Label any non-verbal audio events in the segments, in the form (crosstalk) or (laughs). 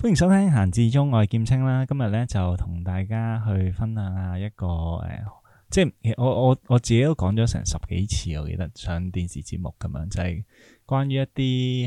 .歡迎收聽閒至中，我係劍青啦。今日咧就同大家去分享啊一,一個誒、呃，即係我我我自己都講咗成十幾次，我記得上電視節目咁樣，就係、是、關於一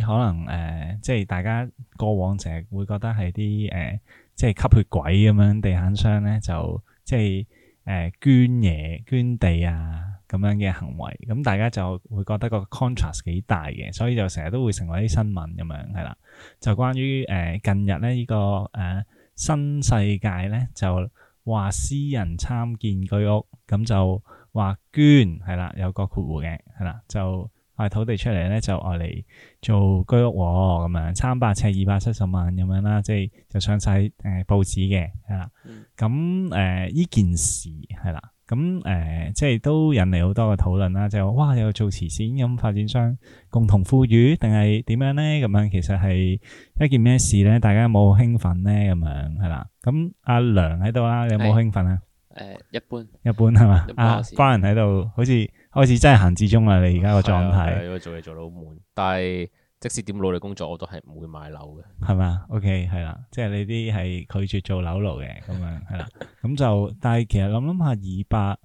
啲可能誒、呃，即係大家過往成日會覺得係啲誒，即係吸血鬼咁樣地產商咧，就即係誒、呃、捐嘢捐地啊咁樣嘅行為，咁、嗯、大家就會覺得個 contrast 幾大嘅，所以就成日都會成為一啲新聞咁樣，係啦。就關於誒、呃、近日咧呢、這個誒、呃、新世界咧就話私人參建居屋，咁就話捐係啦，有個括弧嘅係啦，就賣土地出嚟咧就嚟做居屋咁、哦、樣，三百尺二百七十萬咁樣啦，即係就上晒誒、呃、報紙嘅係啦，咁誒呢件事係啦。咁誒、呃，即係都引嚟好多嘅討論啦，就話哇，有做慈善咁發展商共同富裕，定係點樣咧？咁樣其實係一件咩事咧？大家有冇興奮咧？咁樣係啦。咁阿梁喺度啊，有冇興奮啊？誒、呃，一般一般係嘛？阿 Brian 喺度，好似開始真係行之中啊！你而家個狀態做嘢做到好悶，但係。即使點努力工作，我都係唔會買樓嘅，係咪？OK，係啦，即係你啲係拒絕做樓奴嘅，咁樣係啦，咁就但係其實諗諗下二百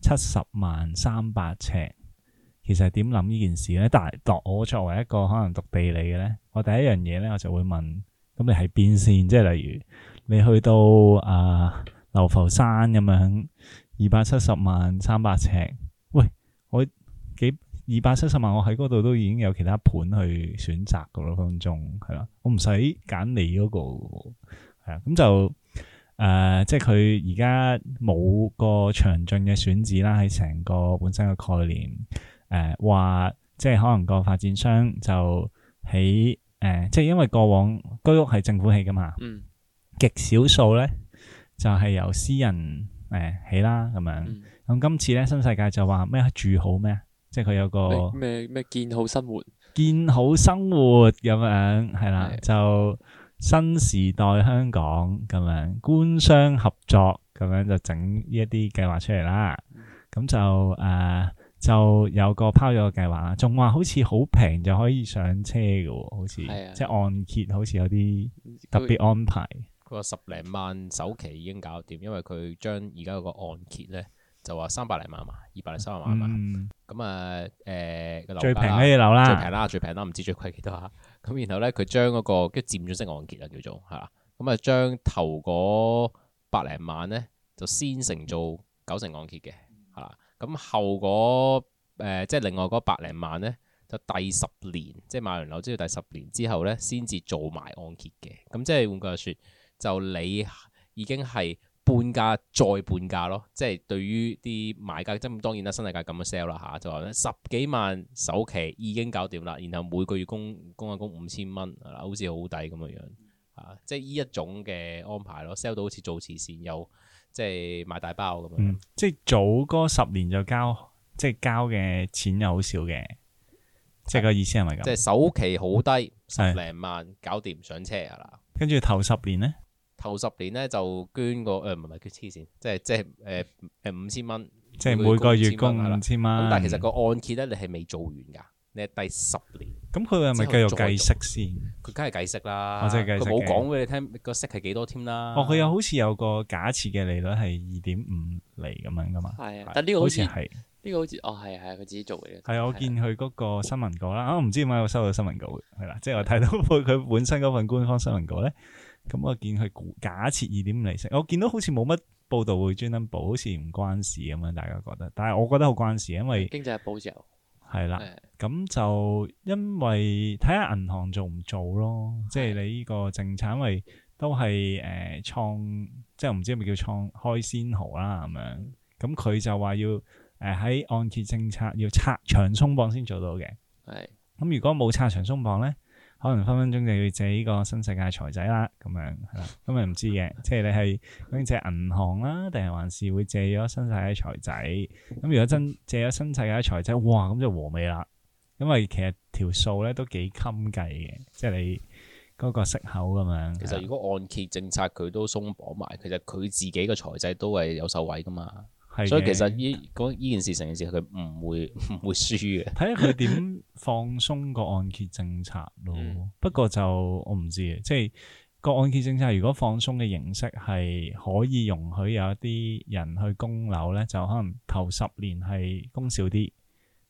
七十萬三百尺，其實點諗呢件事咧？但係我作為一個可能讀地理嘅咧，我第一樣嘢咧，我就會問：，咁你係變線，即係例如你去到啊流浮山咁樣二百七十萬三百尺，喂，我幾？二百七十萬，我喺嗰度都已經有其他盤去選擇噶咯，分眾係啦，我唔使揀你嗰個啊。咁就誒、呃，即係佢而家冇個詳盡嘅選址啦，喺成個本身嘅概念誒，話、呃、即係可能個發展商就起，誒、呃，即係因為過往居屋係政府起噶嘛，嗯、極少數咧就係、是、由私人誒、呃、起啦咁樣。咁今、嗯、次咧，新世界就話咩住好咩？即係佢有個咩咩建好生活，建好生活咁樣係啦，的就新時代香港咁樣官商合作咁樣就整呢一啲計劃出嚟啦。咁、嗯、就誒、呃、就有個拋咗個計劃啦，仲話好似好平就可以上車嘅，好似的即係按揭，好似有啲特別安排。佢話、嗯、十零萬首期已經搞掂，因為佢將而家個按揭咧。就話三百零萬嘛，二百零三萬啊嘛，咁啊誒個最平嘅樓啦，最平啦，最平啦，唔知最貴幾多吓。咁 (laughs) 然後咧，佢將嗰個叫佔咗式按揭啊，叫做係啦。咁啊，將頭嗰百零萬咧，就先成做九成按揭嘅，係啦。咁後嗰、呃、即係另外嗰百零萬咧，就第十年，即係買完樓之後第十年之後咧，先至做埋按揭嘅。咁即係換句話説，就你已經係。半價再半價咯，即係對於啲買家，即當然啦，新世界咁樣 sell 啦吓，就話咧十幾萬首期已經搞掂啦，然後每個月供供下供五千蚊，好似好抵咁嘅樣，即係呢一種嘅安排咯，sell 到好似做慈善又即係賣大包咁樣。嗯、即係早嗰十年就交，即係交嘅錢又好少嘅，即係個意思係咪咁？嗯、即係首期好低，嗯、十零萬搞掂上車噶啦。啊啊、跟住頭十年呢。頭十年咧就捐個誒，唔係叫黐線，即係即係誒誒五千蚊，即係每個月供五千蚊。但係其實個按揭咧，你係未做完噶，你係第十年。咁佢係咪繼續計息先？佢梗係計息啦，佢冇講俾你聽個息係幾多添啦。哦，佢又好似有個假設嘅利率係二點五厘咁樣噶嘛？係啊，但呢個好似係呢個好似哦係係佢自己做嘅。係啊，我見佢嗰個新聞稿啦，我唔知點解我收到新聞稿係啦，即係我睇到佢本身嗰份官方新聞稿咧。咁、嗯、我見佢假設二點五利息，我見到好似冇乜報道會專登報，好似唔關事咁樣，大家覺得。但係我覺得好關事，因為經濟係保障。係啦的，咁的就因為睇下銀行做唔做咯，的即係你呢個政策，因為都係誒、呃、創，即係唔知係咪叫創開先河啦咁樣。咁佢的就話要誒喺、呃、按揭政策要拆牆鬆綁先做到嘅。係的，咁如果冇拆牆鬆綁咧？可能分分鐘就要借呢個新世界財仔啦，咁樣，咁又唔知嘅， (laughs) 即係你係揾借銀行啦、啊，定係還是會借咗新世界財仔？咁如果真借咗新世界財仔，哇，咁就和味啦，因為其實條數咧都幾襟計嘅，即係你嗰個息口咁樣。其實如果按揭政策佢都鬆綁埋，其實佢自己嘅財仔都係有受惠噶嘛。所以其實呢嗰件事成件事佢唔會唔 (laughs) 會輸輸嘅，睇下佢點放鬆個按揭政策咯。嗯、不過就我唔知即係個按揭政策如果放鬆嘅形式係可以容許有一啲人去供樓咧，就可能頭十年係供少啲，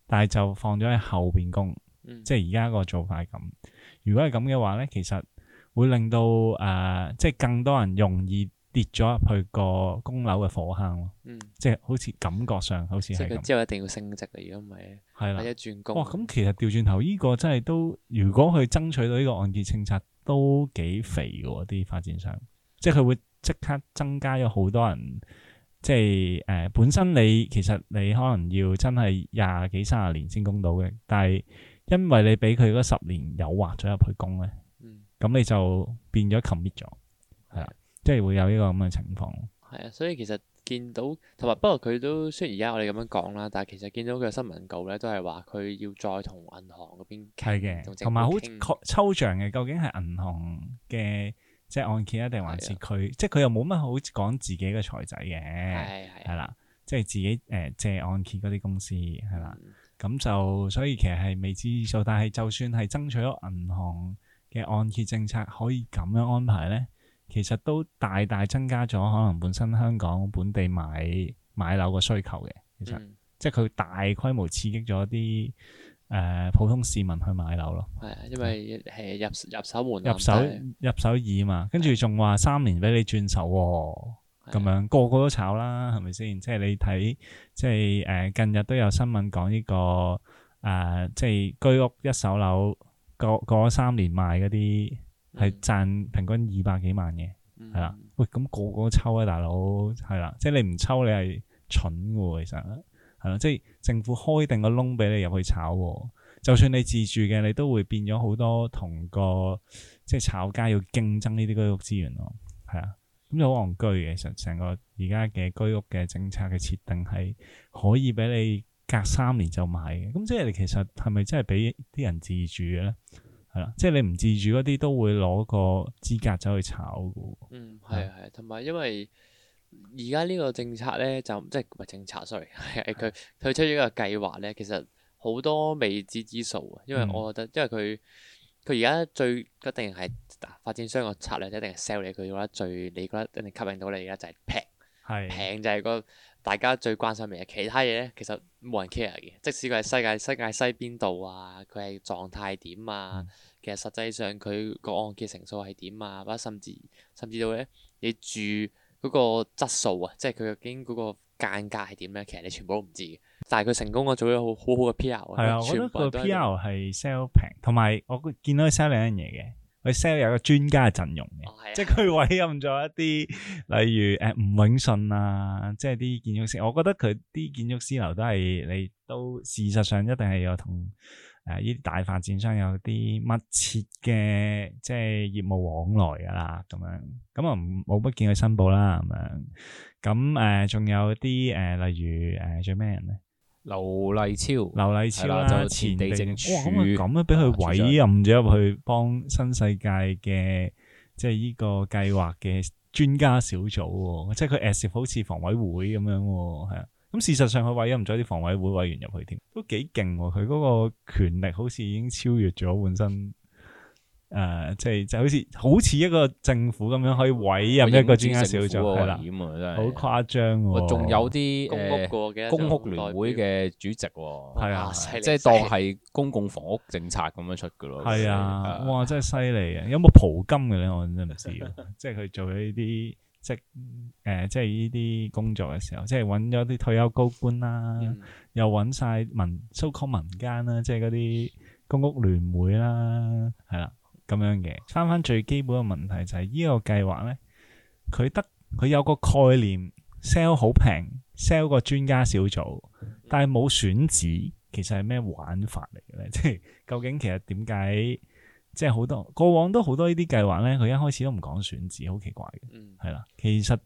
但係就放咗喺後邊供，嗯、即係而家個做法係咁。如果係咁嘅話咧，其實會令到誒、呃，即係更多人容易。跌咗入去個供樓嘅火坑咯，嗯、即係好似感覺上好似係咁。嗯、之後一定要升值嘅，如果唔係，係啦，一轉工？咁、哦嗯、其實掉轉頭呢個真係都，如果佢爭取到呢個案件政策，都幾肥喎啲、嗯、發展商，即係佢會即刻增加咗好多人，即係誒、呃、本身你其實你可能要真係廿幾三十年先供到嘅，但係因為你俾佢嗰十年誘惑咗入去供咧，嗯，咁、嗯、你就變咗 commit 咗。即係會有呢個咁嘅情況。係啊，所以其實見到同埋不過佢都雖然而家我哋咁樣講啦，但係其實見到佢嘅新聞稿咧，都係話佢要再同銀行嗰邊傾嘅，同埋好確抽象嘅。究竟係銀行嘅即係按揭啊，定還是佢的即係佢又冇乜好講自己嘅財仔嘅，係係啦，即係、就是、自己誒、呃、借按揭嗰啲公司係啦。咁、嗯、就所以其實係未知數，但係就算係爭取咗銀行嘅按揭政策可以咁樣安排咧。其實都大大增加咗可能本身香港本地買買樓個需求嘅，其實、嗯、即係佢大規模刺激咗啲誒普通市民去買樓咯。係啊，因為係入、嗯、入手門、入手入手易嘛，跟住仲話三年俾你轉手、哦，咁樣個個都炒啦，係咪先？即係你睇，即係誒、呃、近日都有新聞講呢個誒、呃，即係居屋一手樓過過咗三年賣嗰啲。係賺平均二百幾萬嘅，係啦、mm hmm。喂，咁、那個個都抽啊，大佬係啦。即係你唔抽你，你係蠢嘅。其實係啦，即係政府開定個窿俾你入去炒。就算你自住嘅，你都會變咗好多同個即係炒家要競爭呢啲居屋資源咯。係啊，咁就好戇居嘅。其實成個而家嘅居屋嘅政策嘅設定係可以俾你隔三年就買嘅。咁即係你其實係咪真係俾啲人自住嘅咧？係啦，即係你唔自住嗰啲，都會攞個資格走去炒噶，嗯，係啊，係啊，同埋因為而家呢個政策咧，就即係唔係政策，sorry，係佢推出咗一個計劃咧，其實好多未知之數啊。因為我覺得，嗯、因為佢佢而家最一定係發展商個策略，一定係 sell 你佢覺得最你覺得一定吸引到你而家就係、係、平，平的就係、嗰個。大家最關心嘅其他嘢咧，其實冇人 care 嘅。即使佢係世界世界西邊度啊，佢係狀態點啊，嗯、其實實際上佢個按揭成數係點啊，或者甚至甚至到咧你住嗰個質素啊，即係佢究竟嗰個間隔係點咧，其實你全部都唔知嘅。但係佢成功，我做咗好好好嘅 PR。係啊，我覺得個 PR 係 sell 平，同埋我見到佢 sell 兩樣嘢嘅。佢 sell 有個專家嘅陣容嘅，哦、即係佢委任咗一啲，例如誒吳、呃、永信啊，即係啲建築師，我覺得佢啲建築師樓都係你都事實上一定係有同誒呢啲大發展商有啲密切嘅即係業務往來噶啦，咁樣咁啊冇乜見佢申報啦，咁樣咁誒仲有啲誒、呃，例如誒、呃、做咩人咧？劉麗超，劉麗超啦，就是、前地政署，咁啊，咁俾佢委任咗入去幫新世界嘅，即係呢個計劃嘅專家小組，即係佢 as if 好似房委會咁樣，係啊，咁事實上佢委任咗啲房委會委員入去添，都幾勁，佢嗰個權力好似已經超越咗本身。誒，即係、uh, 就是就是、好似好似一個政府咁樣可以委任一個專家小組，係啦、啊，好誇張。哇，仲、啊、有啲公屋嘅公屋聯會嘅主席，係啊，啊啊即係當係公共房屋政策咁樣出嘅咯。係啊，哇，真係犀利啊！有冇蒲金嘅咧？我真係唔知。即係佢做咗呢啲，即係誒，即係呢啲工作嘅時候，即係搵咗啲退休高官啦，嗯、又搵晒民，所謂民間啦，即係嗰啲公屋聯會啦，係啦。咁樣嘅，返返最基本嘅問題就係、是、呢個計劃咧，佢得佢有個概念，sell 好平，sell 個專家小組，但係冇選址，其實係咩玩法嚟嘅咧？即 (laughs) 係究竟其實點解即係好多過往都好多呢啲計劃咧，佢一開始都唔講選址，好奇怪嘅，係啦、嗯。其實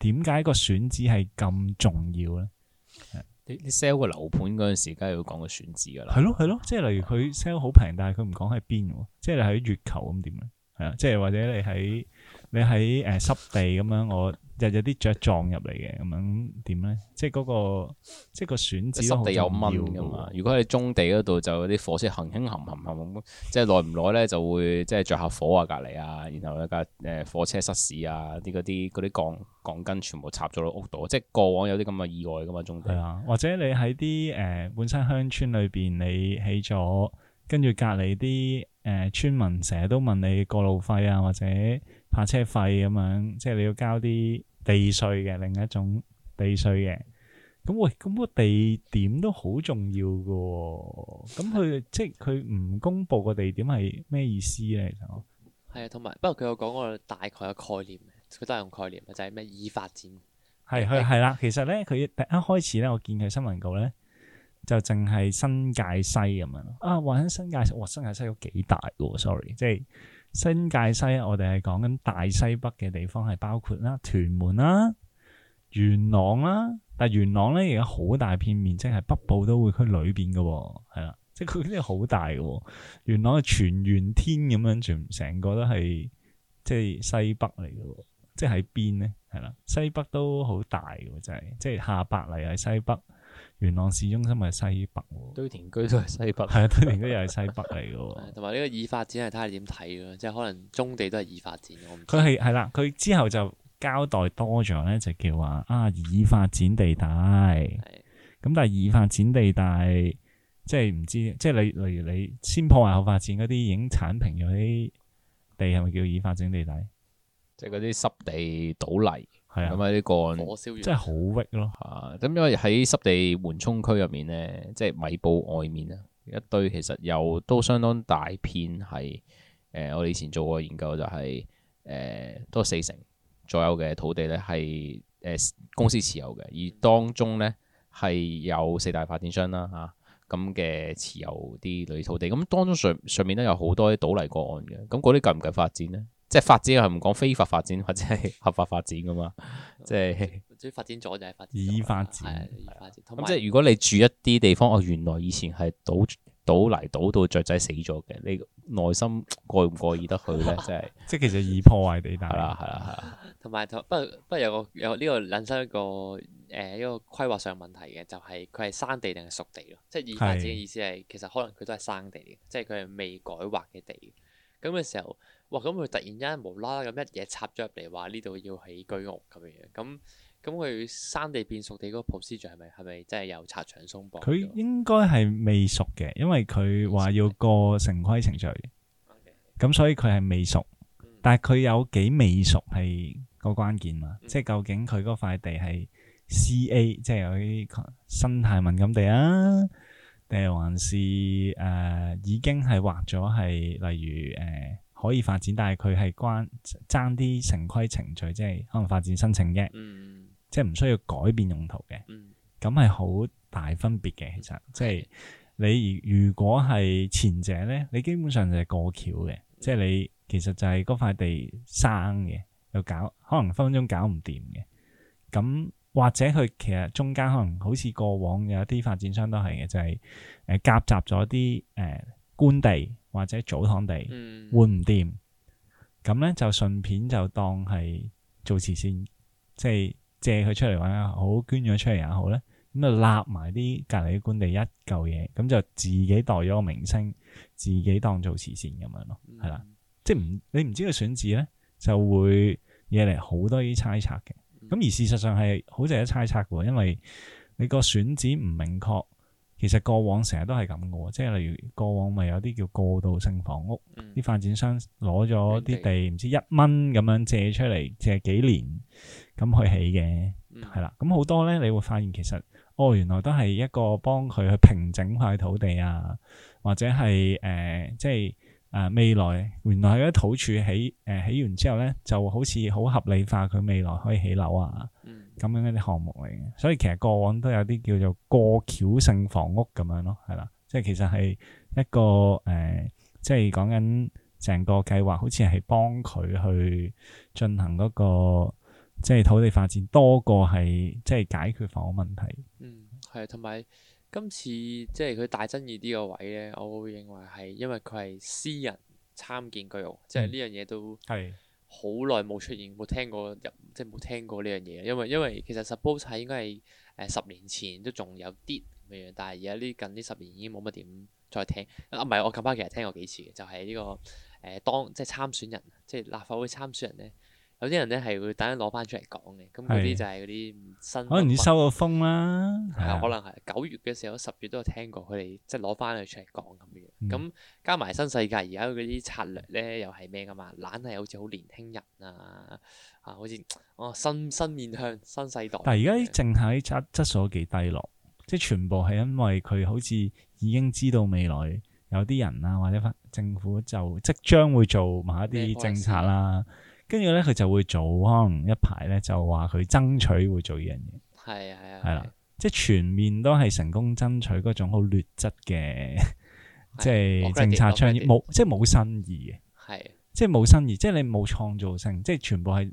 點解個選址係咁重要咧？你 sell 個樓盤嗰陣時，梗係要講個選址噶啦。係咯係咯，即係例如佢 sell 好平，但係佢唔講喺邊，即係你喺月球咁點咧？係啊，即係或者你喺你喺誒濕地咁樣我。日日啲雀撞入嚟嘅，咁樣點咧？即係嗰個，即係個選址可能要，濕地有蚊噶嘛？如果喺棕地嗰度，就啲火車行行行行行，即係耐唔耐咧就會即係着下火啊隔離啊，然後一架誒火車失事啊，啲嗰啲啲鋼鋼筋全部插咗落屋度，即係過往有啲咁嘅意外噶嘛？棕地。係啊，或者你喺啲誒本身鄉村裏邊，你起咗，跟住隔離啲誒村民成日都問你過路費啊，或者。泊車費咁樣，即係你要交啲地稅嘅，另一種地稅嘅。咁喂，咁個地點都好重要㗎喎。咁佢 (laughs) 即係佢唔公佈個地點係咩意思咧？其實係啊，同埋不過佢有講過大概嘅概念，佢都係用概念，就係咩已發展。係佢係啦，其實咧佢第一開始咧，我見佢新聞稿咧就淨係新界西咁樣咯。啊，話新界西，哇，新界西有幾大喎？Sorry，即係。新界西，我哋係講緊大西北嘅地方，係包括啦屯門啦、啊、元朗啦、啊。但係元朗咧，而家好大片面積係北部都會區裏邊嘅、哦，係啦，即係佢啲好大嘅、哦。元朗係全元天咁樣，全成個都係即係西北嚟嘅、哦，即係喺邊咧？係啦，西北都好大嘅，真係，即係下白泥喺西北。元朗市中心係西北，堆填區都係西北，係的 (laughs) 堆填區又係西北嚟嘅。同埋呢個已發展係睇下點睇嘅，即係可能中地都係已發展。佢係係啦，佢之後就交代多咗咧，就叫話啊，已發展地帶，咁的但係已發展地帶，即係唔知，即係你例如你先破壞後發展嗰啲已經鏟平咗啲地，係咪叫已發展地帶？即係嗰啲濕地倒泥。係咁啊，啲個案真係好鬱咯，係咁、嗯、 (music) 因為喺濕地緩衝區入面咧，即係米埔外面啊，一堆其實有都相當大片係誒、呃，我哋以前做過研究就係、是、誒，多、呃、四成左右嘅土地咧係誒公司持有嘅，而當中咧係有四大發展商啦嚇咁嘅持有啲類土地，咁當中上上面都有好多啲倒泥個案嘅，咁嗰啲夠唔夠發展咧？即係發展係唔講非法發展或者係合法發展噶嘛？即係主要發展咗就係發展已發展。即係如果你住一啲地方，哦、嗯、原來以前係倒倒嚟，倒到雀仔死咗嘅，嗯、你內心過唔過意得去咧？即係即係其實已破壞地帶啦，係啦係啦。同埋不過不過有個有呢個引生一個誒一個規劃上問題嘅，就係佢係生地定係熟地咯？即係已發展嘅意思係，其實可能佢都係生地，即係佢係未改劃嘅地。咁嘅時候。哇！咁佢突然間無啦啦咁一嘢插咗入嚟，話呢度要起居屋咁樣，咁咁佢山地變熟地嗰個 procedure 係咪係咪真係有拆牆鬆綁？佢應該係未熟嘅，因為佢話要過城規程序。咁所以佢係未熟，但係佢有幾未熟係個關鍵啊！即係究竟佢嗰塊地係 CA，即係嗰啲生態敏感地啊，定係還是誒已經係劃咗係例如誒？可以發展，但係佢係關爭啲城規程序，即係可能發展申請嘅，嗯、即係唔需要改變用途嘅。咁係好大分別嘅，其實、嗯、即係你如果係前者咧，你基本上就係過橋嘅，嗯、即係你其實就係嗰塊地生嘅，又搞可能分分鐘搞唔掂嘅。咁或者佢其實中間可能好似過往有啲發展商都係嘅，就係、是、誒、呃、夾雜咗啲誒官地。或者祖堂地、嗯、換唔掂，咁咧就順便就當係做慈善，即、就、係、是、借佢出嚟玩，也好捐咗出嚟也好咧。咁啊，立埋啲隔離官地一嚿嘢，咁就自己代咗個名聲，自己當做慈善咁樣咯，係啦、嗯。即係唔你唔知個選址咧，就會惹嚟好多啲猜測嘅。咁而事實上係好值得猜測嘅，因為你個選址唔明確。其實過往成日都係咁嘅，即係例如過往咪有啲叫過渡性房屋，啲、嗯、發展商攞咗啲地，唔知一蚊咁樣借出嚟，借幾年咁去起嘅，係啦、嗯。咁好多咧，你會發現其實哦，原來都係一個幫佢去平整塊土地啊，或者係誒、呃，即係誒、呃、未來原來喺土處起誒、呃、起完之後咧，就好似好合理化佢未來可以起樓啊。嗯咁樣一啲項目嚟嘅，所以其實過往都有啲叫做過橋性房屋咁樣咯，係啦，即係其實係一個誒、呃，即係講緊成個計劃，好似係幫佢去進行嗰、嗰個即係土地發展多過係即係解決房屋問題。嗯，係，同埋今次即係佢大爭議啲個位咧，我會認為係因為佢係私人參建居屋，嗯、即係呢樣嘢都係。好耐冇出現，冇聽過入即係冇聽過呢樣嘢，因為因為其實 suppose 應該係呃十年前都仲有啲咁樣，但係而家呢近呢十年已經冇乜點再聽啊。唔係我近排其實聽過幾次嘅，就係呢個誒當即係參選人，即係立法會參選人咧。有啲人咧係會等下攞翻出嚟講嘅，咁嗰啲就係嗰啲新。可能要收個風啦，係可能係九月嘅時候、十月都有聽過佢哋即係攞翻佢出嚟講咁嘅。咁、嗯、加埋新世界而家嗰啲策略咧又係咩噶嘛？懶係好似好年輕人啊，啊，好似哦、啊、新新面向新世代。但係而家淨喺質質素幾低落，嗯、即係全部係因為佢好似已經知道未來有啲人啊，或者政府就即將會做某啲政策啦、啊。跟住咧，佢就會做可能一排咧，就話佢爭取會做呢樣嘢。係啊的，係啊的，係啦，即係全面都係成功爭取嗰種好劣質嘅即係政策倡議，冇即係冇新意嘅。係的，即係冇新意，即係你冇創造性，即係全部係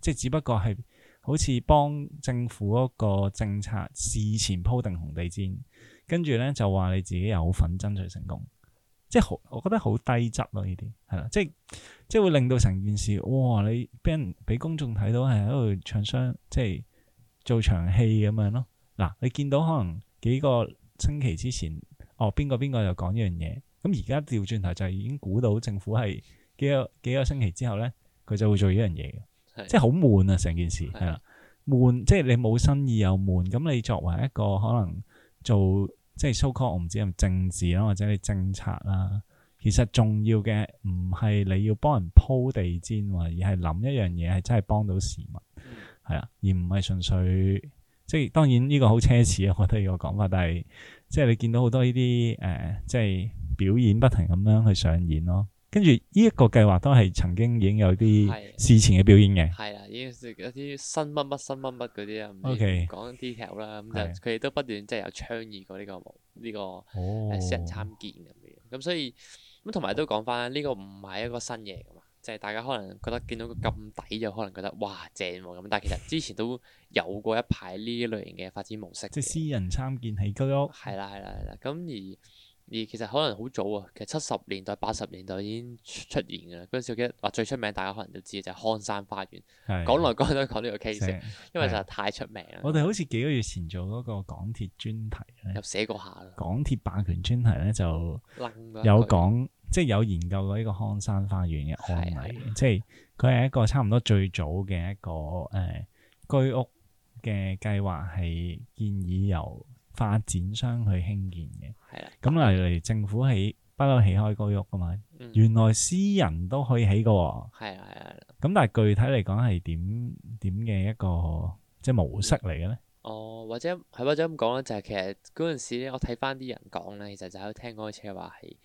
即係只不過係好似幫政府嗰個政策事前鋪定紅地氈，跟住咧就話你自己有份爭取成功。即係好，我覺得好低質咯、啊，呢啲係啦，即係即係會令到成件事，哇！你俾人俾公眾睇到係喺度唱雙，即係做場戲咁樣咯。嗱，你見到可能幾個星期之前，哦，邊個邊個又講呢樣嘢，咁而家調轉頭就係已經估到政府係幾個幾個星期之後咧，佢就會做呢樣嘢嘅，即係好悶啊！成件事係啦，悶，即係你冇新意又悶，咁你作為一個可能做。即係 so called 我唔知係咪政治啦，或者係政策啦。其實重要嘅唔係你要幫人鋪地氈喎，而係諗一樣嘢係真係幫到市民，係啊，而唔係純粹即係當然呢個好奢侈啊！我覺得呢個講法，但係即係你見到好多呢啲誒，即係、呃、表演不停咁樣去上演咯。跟住呢一個計劃都係曾經已經有啲事前嘅表演嘅，係啊，已經有啲新乜乜新乜乜嗰啲啊，OK，講 detail 啦，咁就佢哋都不斷即係有倡議過呢、呢個呢、呢個私人參建咁嘅，咁、呢個哦、所以咁同埋都講翻呢個唔係一個新嘢噶嘛，就係、是、大家可能覺得見到個咁抵就可能覺得哇正咁、啊，但係其實之前都有過一排呢類型嘅發展模式，即係私人參建起居屋，係啦係啦係啦，咁而。而其實可能好早啊，其實七十年代、八十年代已經出現㗎啦。嗰陣時，我記得話最出名，大家可能都知就係、是、康山花園。講的來講去都講呢個 case，的因為就太出名啦。我哋好似幾個月前做嗰個港鐵專題咧，有寫過下啦，港鐵霸權專題咧，就有講即係有研究過呢個康山花園嘅案例，即係佢係一個差唔多最早嘅一個誒居、呃、屋嘅計劃，係建議由發展商去興建嘅。係啦，咁嚟嚟，政府起不嬲起開居屋噶嘛，嗯、原來私人都可以起噶。係啊係啊，咁、嗯、但係具體嚟講係點點嘅一個即係模式嚟嘅咧？哦，或者係或者咁講咧，就係、是、其實嗰陣時咧，我睇翻啲人講咧，其實就喺度聽嗰啲車話係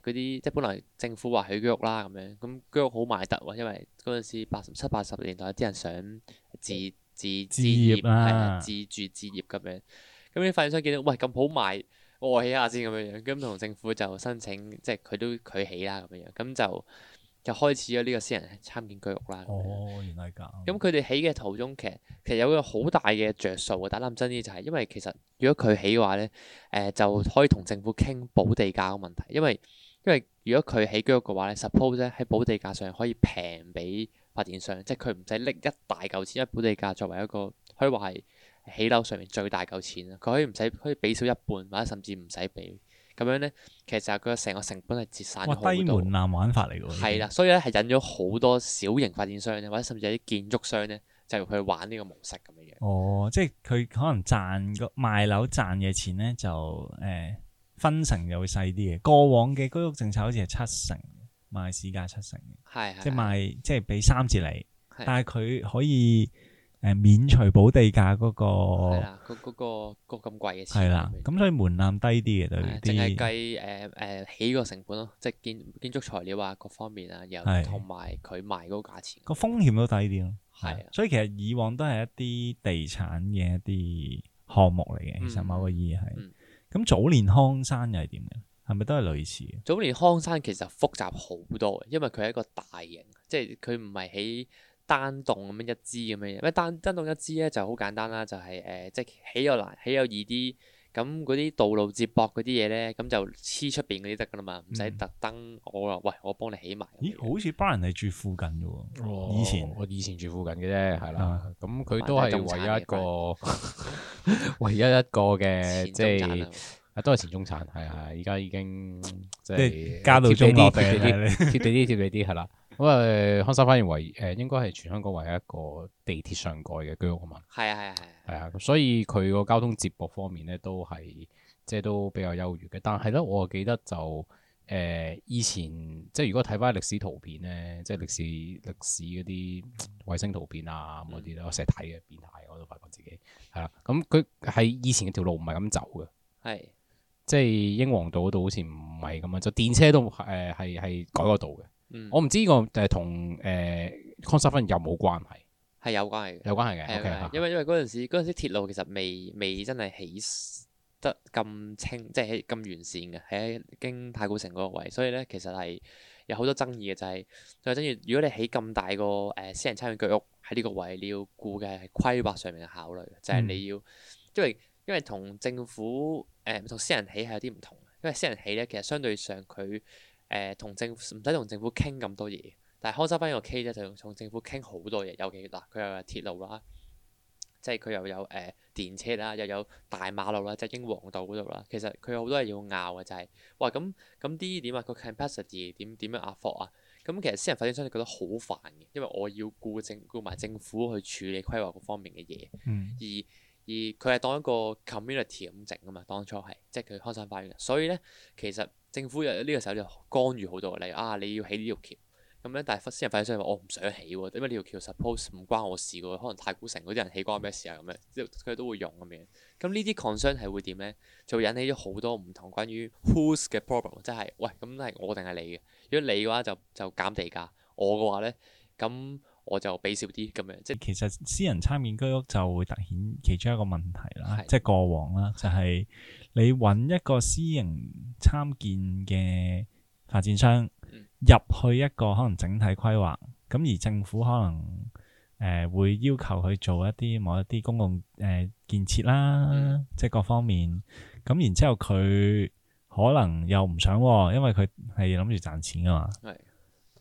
誒嗰啲即係本來政府話起居屋啦咁樣，咁居屋好賣得，因為嗰陣時八十七八十年代啲人想自自置業啊自、呃、自住置業咁樣，咁你發展商見到喂咁好賣。我起下先咁樣樣，咁同政府就申請，即係佢都佢起啦咁樣樣，咁就就開始咗呢個私人參建居屋啦。哦，原來咁。咁佢哋起嘅途中，其實其實有個好大嘅着數嘅。打攬真啲就係、是，因為其實如果佢起嘅話咧，誒、呃、就可以同政府傾補地價嘅問題。因為因為如果佢起居屋嘅話咧，suppose 咧喺補地價上可以平畀發展商，即係佢唔使拎一大嚿錢喺補地價作為一個可以話係。起樓上面最大嚿錢啦，佢可以唔使，可以俾少一半，或者甚至唔使俾，咁樣咧，其實就佢成個成本係折散咗好多。哇！低門檻玩法嚟嘅喎。係啦，所以咧係引咗好多小型發展商或者甚至有啲建築商咧，就用佢去玩呢個模式咁樣。哦，即係佢可能賺個賣樓賺嘅錢咧，就誒、呃、分成就會細啲嘅。過往嘅居屋政策好似係七成賣市價七成嘅，係是的 即係賣是的 即係俾三折嚟，是的 但係佢可以。誒，免除補地價嗰個係啦，嗰、嗰個咁貴嘅事，係、那、啦、個，咁、嗰個、所以門檻低啲嘅，對於淨係計誒誒起個成本咯，即係建建築材料啊，各方面啊，又同埋佢賣嗰個價錢個的風險都低啲咯。係啊，的所以其實以往都係一啲地產嘅一啲項目嚟嘅，嗯、其實某個意義係。咁、嗯、早年康山又係點嘅？係咪都係類似？早年康山其實複雜好多，因為佢係一個大型，即係佢唔係喺。單棟咁樣一支咁樣嘢，咩單單棟一支咧就好簡單啦，就係誒即起有難起有易啲，咁嗰啲道路接駁嗰啲嘢咧，咁就黐出邊嗰啲得㗎啦嘛，唔使特登我話喂，我幫你起埋。咦？好似班人係住附近嘅喎，以前我以前住附近嘅啫，係啦。咁佢都係唯一一個，唯一一個嘅，即係都係前中產，係啊，而家已經即係加到中啲，貼地啲，貼地啲，係啦。咁啊，康山反而為誒，應該係全香港唯一一個地鐵上蓋嘅居屋啊嘛。係啊，係啊，係啊。係啊，所以佢個交通接駁方面咧，都係即係都比較優越嘅。但係咧，我記得就誒、呃、以前，即、就、係、是、如果睇翻歷史圖片咧，即係、嗯、歷史歷史嗰啲衛星圖片啊，嗰啲咧，我成日睇嘅，嗯、變態我都發覺自己係啦。咁佢喺以前嘅條路唔係咁走嘅，係即係英皇道度好似唔係咁樣，就電車都誒係係改個道嘅。嗯、我唔知呢個誒同誒 consult 翻有冇關係，係有關係嘅，有關係嘅。是是 okay，因為因為嗰陣時嗰陣時鐵路其實未未真係起得咁清，即係咁完善嘅，喺經太古城嗰個位，所以咧其實係有好多爭議嘅，就係、是、最爭議。如果你起咁大個誒、呃、私人參建居屋喺呢個位，你要顧嘅係規劃上面嘅考慮，就係、是、你要，嗯、因為因為同政府誒同、呃、私人起係有啲唔同，因為私人起咧其實相對上佢。誒同政唔使同政府傾咁多嘢，但係康山花園個 case 咧，就同政府傾好多嘢。尤其嗱，佢又有鐵路啦，即係佢又有誒、呃、電車啦，又有大馬路啦，即係英皇道嗰度啦。其實佢有好多嘢要拗嘅、就是，就係哇咁咁啲點啊？個 capacity 點點樣壓伏啊？咁其實私人發展商你覺得好煩嘅，因為我要顧政顧埋政府去處理規劃嗰方面嘅嘢、嗯，而而佢係當一個 community 咁整噶嘛。當初係即係佢康山花園，所以咧其實。政府又呢個時候就干預好多，你啊，你要起呢條橋咁咧，但係私人發展商話：我唔想起喎，因為呢條橋 suppose 唔關我事嘅喎，可能太古城嗰啲人起關我咩事啊咁樣，即佢都會用咁樣。咁呢啲 concern 係會點咧？就引起咗好多唔同關於 whose 嘅 problem，即係喂，咁係我定係你嘅？如果你嘅話就就減地價，我嘅話咧，咁我就俾少啲咁樣。即係其實私人參建居屋就會突顯其中一個問題啦，即係過往啦，就係。你揾一個私營參建嘅發展商入去一個可能整體規劃，咁而政府可能誒、呃、會要求佢做一啲某一啲公共、呃、建設啦，嗯、即係各方面，咁然之後佢可能又唔想、哦，因為佢係諗住賺錢㗎嘛。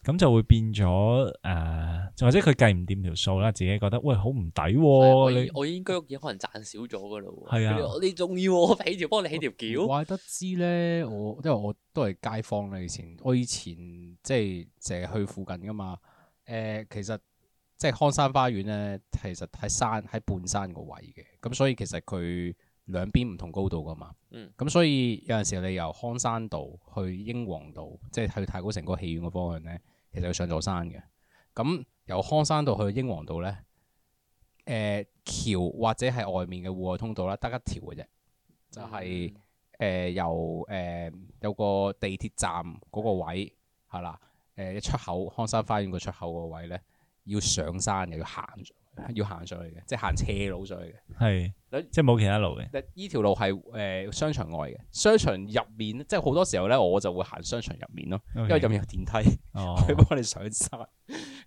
咁就會變咗誒、呃，或者佢計唔掂條數啦，自己覺得喂好唔抵喎！對你我應該可能賺少咗㗎咯，係啊、嗯！你仲要我起條幫你起條橋？我得知咧，我因為我都係街坊啦，以前我以前即係成日去附近噶嘛。誒、呃，其實即係康山花園咧，其實喺山喺半山個位嘅，咁所以其實佢。兩邊唔同高度噶嘛，咁、嗯、所以有陣時候你由康山道去英皇道，即、就、係、是、去太古城嗰個戲院個方向咧，其實要上咗山嘅。咁由康山道去英皇道咧，誒、呃、橋或者係外面嘅戶外通道啦，得一條嘅啫，就係、是、誒、嗯呃、由誒、呃、有個地鐵站嗰個位係、嗯、啦，誒、呃、一出口康山花園個出口個位咧，要上山又要行要行上去嘅，即係行斜路上去嘅，係是，以即係冇其他路嘅。呢條路係誒商場外嘅，商場入面，即係好多時候咧，我就會行商場入面咯，Okay. 因為入面有電梯佢以、oh. (laughs) 幫你上山。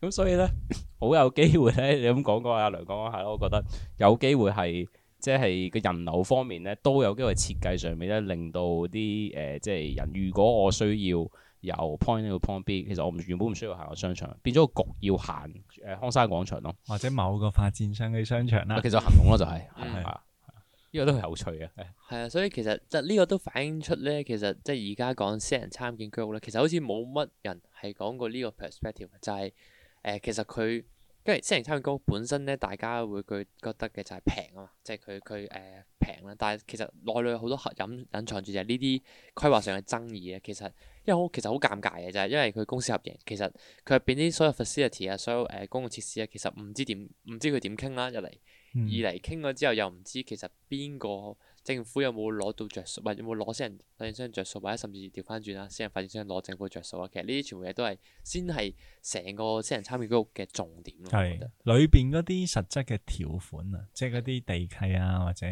咁 (laughs) 所以咧， (laughs) 好有機會咧，你咁講過阿梁講下，咯，我覺得有機會係，即係個人流方面咧，都有機會設計上面咧，令到啲誒、呃、即係人，如果我需要。有 point 呢個 point B，其實我唔原本唔需要行個商場，變咗個局要行誒、呃、康山廣場咯，或者某個發展商嘅商場啦。其實行龍咯就係、是，呢、 (laughs) 嗯、個都有趣嘅。係啊，所以其實即係呢個都反映出咧，其實即係而家講私人參建居屋咧，其實好似冇乜人係講過呢個 perspective，就係、是、誒、呃、其實佢。因為私人參建居屋本身咧，大家會佢覺得嘅就係平啊嘛，即係佢佢誒平啦。但係其實內裏好多隱隱藏住就係呢啲規劃上嘅爭議嘅。其實因為好其實好尷尬嘅就係因為佢公私合營，其實佢入邊啲所有 facility 啊，所有誒、呃、公共設施啊，其實唔知點唔知佢點傾啦，一嚟，嗯、二嚟傾咗之後又唔知其實邊個。政府有冇攞到著數，或者有冇攞私人發展商著數，或者甚至調翻轉啊，私人發展商攞政府著數啊？其實呢啲全部嘢都係先係成個私人參與居屋嘅重點咯。係裏邊嗰啲實質嘅條款啊，即係嗰啲地契啊，或者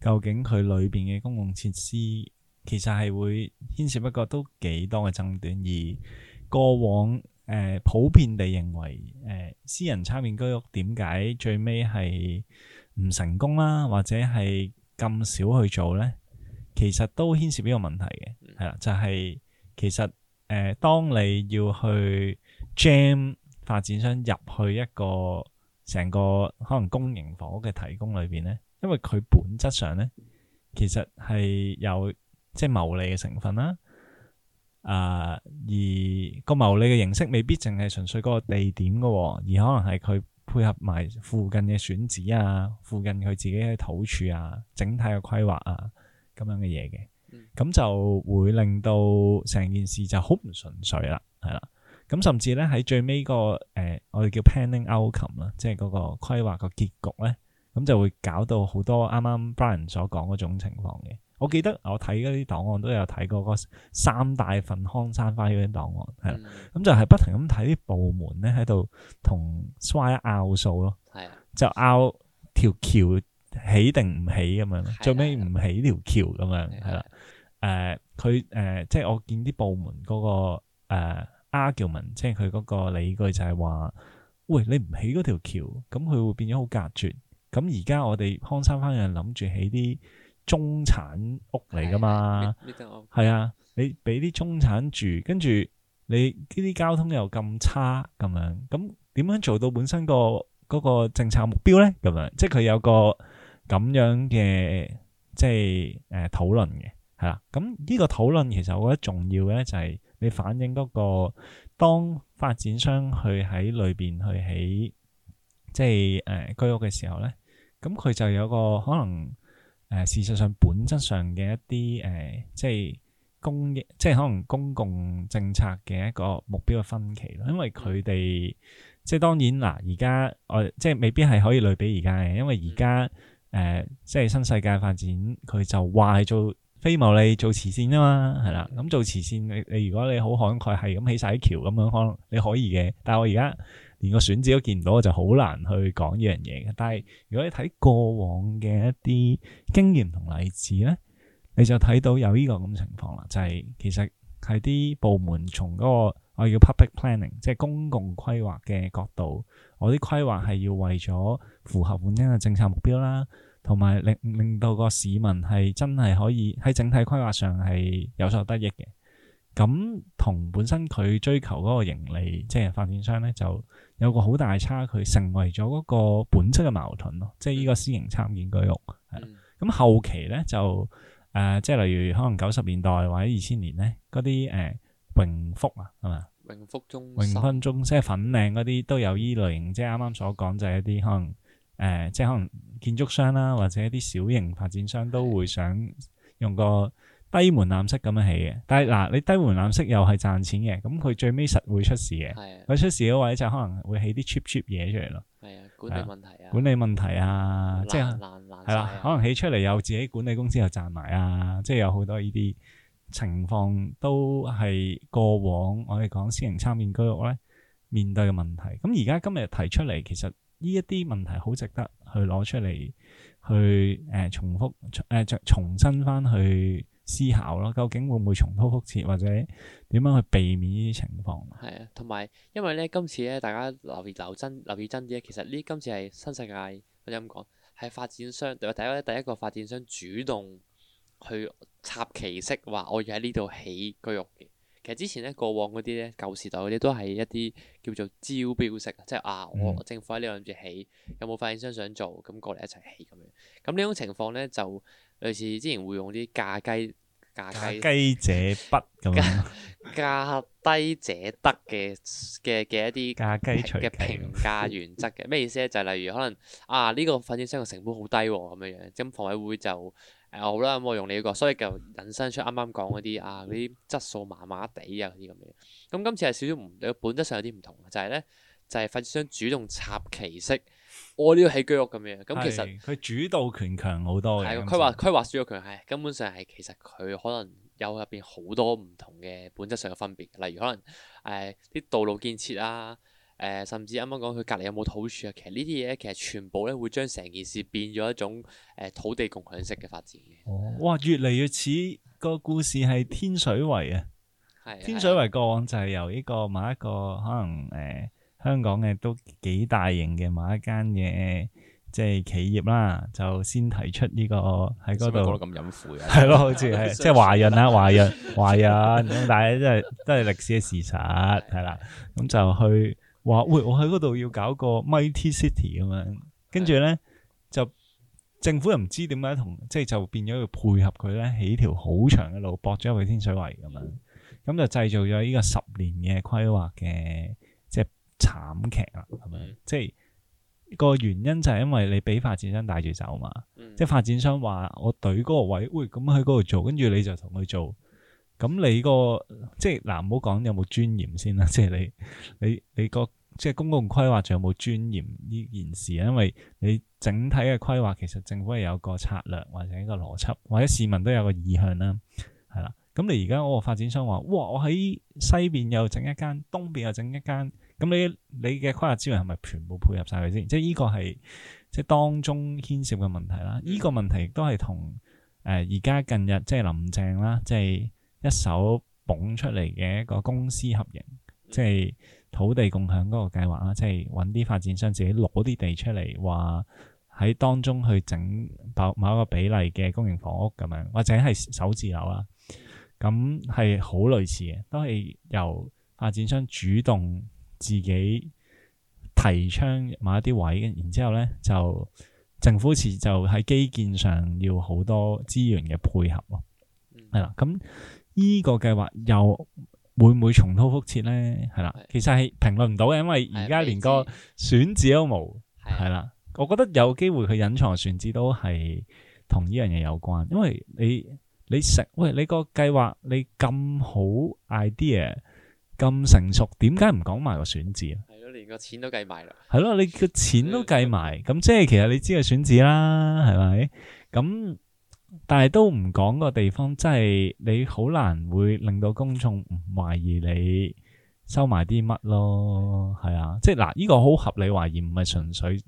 究竟佢裏邊嘅公共設施，其實係會牽涉一個都幾多嘅爭端。而過往誒普遍地認為，誒私人參與居屋點解最尾係唔成功啦，或者係？咁少去做呢，其實都牽涉呢個問題嘅，係啦，就係其實誒，當你要去 join 發展商入去一個成個可能公營房屋嘅提供裏邊呢，因為佢本質上呢，其實係有即係牟利嘅成分啦。啊，而個牟利嘅形式未必淨係純粹嗰個地點嘅，而可能係佢。配合埋附近嘅選址啊，附近佢自己嘅土處啊，整體嘅規劃啊，咁樣嘅嘢嘅，咁、嗯、就會令到成件事就好唔純粹啦，係啦，咁甚至咧喺最尾個誒、呃，我哋叫 planning outcome 啦、啊，即係嗰個規劃個結局咧，咁就會搞到好多啱啱 Brian 所講嗰種情況嘅。我記得我睇嗰啲檔案都有睇過個三大份康山花園檔案，係啦，咁、嗯嗯、就係、是、不停咁睇啲部門咧喺度同 try 拗數咯，係啊，的就拗條橋起定唔起咁樣，最尾唔起條橋咁樣，係啦，誒佢誒即係我見啲部門嗰、那個、呃、argument，即係佢嗰個理據就係話，喂你唔起嗰條橋，咁佢會變咗好隔絕，咁而家我哋康山花園諗住起啲，中產屋嚟噶嘛？係啊，你俾啲中產住，跟住你呢啲交通又咁差咁樣，咁點樣做到本身個嗰個政策目標咧？咁樣，即係佢有個咁樣嘅，即係誒討論嘅，係啦。咁呢個討論其實我覺得重要嘅咧，就係你反映嗰個當發展商去喺裏邊去起，即係誒居屋嘅時候咧，咁佢就有個可能。誒、呃，事實上，本質上，本質上嘅一啲誒，即係公益，即係可能公共政策嘅一個目標嘅分歧咯。因為佢哋，即係當然嗱，而家我即係未必係可以類比而家嘅，因為而家誒，即係新世界發展佢就話係做非牟利、做慈善啊嘛，係啦。咁、嗯、做慈善，你你如果你好慷慨，係咁起晒啲橋咁樣，可能你可以嘅。但係我而家。連個選址都見唔到，就好難去講呢樣嘢嘅。但係如果你睇過往嘅一啲經驗同例子呢，你就睇到有呢個咁情況啦。就係其實係啲部門從嗰個我要 public planning，即係公共規劃嘅角度，我啲規劃係要為咗符合本身嘅政策目標啦，同埋令令到個市民係真係可以喺整體規劃上係有所得益嘅。咁同本身佢追求嗰個盈利，即係發展商咧，就有個好大差距，成為咗嗰個本質嘅矛盾咯。嗯、即係呢個私營參建居屋，係咁、嗯、後期咧就誒、呃，即係例如可能九十年代或者二千年咧，嗰啲誒榮福啊，係咪？榮福，榮福中、榮福中，即係粉嶺嗰啲都有依類型，即係啱啱所講，就係一啲可能誒、呃，即係可能建築商啦，或者一啲小型發展商都會想用個。低門檻式咁樣起嘅，但係嗱、嗯、你低門檻式又係賺錢嘅，咁佢最尾實會出事嘅。係，佢出事嗰個位就可能會起啲 che cheap cheap 嘢出嚟咯。係啊，管理問題啊。啊管理問題啊，懶懶懶懶即係係啦，可能起出嚟有自己管理公司又賺埋啊，嗯嗯、即係有好多呢啲情況都係過往我哋講私營參建居屋咧面對嘅問題。咁而家今日提出嚟，其實呢一啲問題好值得去攞出嚟去誒重複誒重重新翻去思考咯，究竟會唔會重蹈覆轍，或者點樣去避免呢啲情況？係啊，同埋因為咧，今次咧，大家留意留真，留意真留意真啲啊。其實呢，今次係新世界或者咁講，係發展商第一第一個發展商主動去插旗式話，我要喺呢度起居屋嘅。其實之前咧，過往嗰啲咧，舊時代嗰啲都係一啲叫做招標式，即係啊，嗯、我政府喺呢度諗住起，有冇發展商想做，咁過嚟一齊起咁樣。咁呢種情況咧就。類似之前會用啲價雞價雞雞者不咁樣，價嫁低者得嘅嘅嘅一啲嘅評價原則，嘅咩意思咧？就係、是、例如可能啊呢、這個發展商嘅成本好低喎咁樣樣，咁房委會就誒、啊、好啦，咁、嗯、我用你呢、這個，所以就引申出啱啱講嗰啲啊嗰啲質素麻麻地啊嗰啲咁樣。咁今次係少少唔，佢本質上有啲唔同就係、是、咧就係發展商主動插旗式。我呢度起居屋咁樣，咁、嗯、其實佢主導權強好多嘅。係對次規劃規劃主要強，係根本上係其實佢可能有入邊好多唔同嘅本質上嘅分別，例如可能誒啲、呃、道路建設啊，誒、呃、甚至啱啱講佢隔離有冇土樹啊，其實呢啲嘢其實全部咧會將成件事變咗一種誒、呃、土地共享式嘅發展嘅、哦。哇，越嚟越似、個故事係天水圍啊，對天水圍過往就係由呢個某一個可能誒。呃香港嘅都幾大型嘅某一間嘅即係企業啦，就先提出呢、這個喺嗰度，咁隱晦嘅係咯，好似係 (laughs) 即係華人啦、啊，華人華人，咁 (laughs) 但係都係都係歷史嘅事實，係啦，咁就去話，喂，我喺嗰度要搞個 Mighty City 咁樣，跟住咧就政府又唔知點解同，即係就變咗要配合佢咧，起條好長嘅路，駁咗去天水圍咁樣，咁就製造咗呢個十年嘅規劃嘅。慘劇啊，係咪？即係個原因就係因為你俾發展商帶住走嘛。Mm hmm. 即係發展商話：我隊嗰個位，喂、哎，咁去嗰度做，跟住你就同佢做。咁、嗯、你個即係嗱，唔好講有冇尊嚴先啦。即係你你你個即係公共規劃仲有冇尊嚴呢件事啊？因為你整體嘅規劃其實政府係有個策略或者一個邏輯，或者市民都有個意向啦。係啦，咁你而家嗰個發展商話：哇，我喺西邊又整一間，東邊又整一間。咁你你嘅規劃資源係咪全部配合晒佢先？即係呢個係即係當中牽涉嘅問題啦。呢個問題亦都係同誒而家近日即係林鄭啦，即係一手捧出嚟嘅一個公私合營，即係土地共享嗰個計劃啦，即係揾啲發展商自己攞啲地出嚟，話喺當中去整某某一個比例嘅公營房屋咁樣，或者係首置樓啦。咁係好類似嘅，都係由發展商主動。自己提倡某一啲位，嘅，然之後咧就政府似就喺基建上要好多資源嘅配合咯，係啦、嗯。咁呢個計劃又會唔會重蹈覆轍咧？係啦，其實係評論唔到嘅，因為而家連個選址都冇，係啦的的。我覺得有機會佢隱藏選址都係同呢樣嘢有關，因為你你食喂你個計劃你咁好 idea。咁成熟，點解唔講埋個選址啊？係咯，連個錢都計埋啦。係咯，你個錢都計埋，咁 (laughs) 即係其實你知個選址啦，係咪？咁但係都唔講個地方，即係你好難會令到公眾唔懷疑你收埋啲乜咯。係啊，即係嗱，呢個好合理懷疑，唔係純粹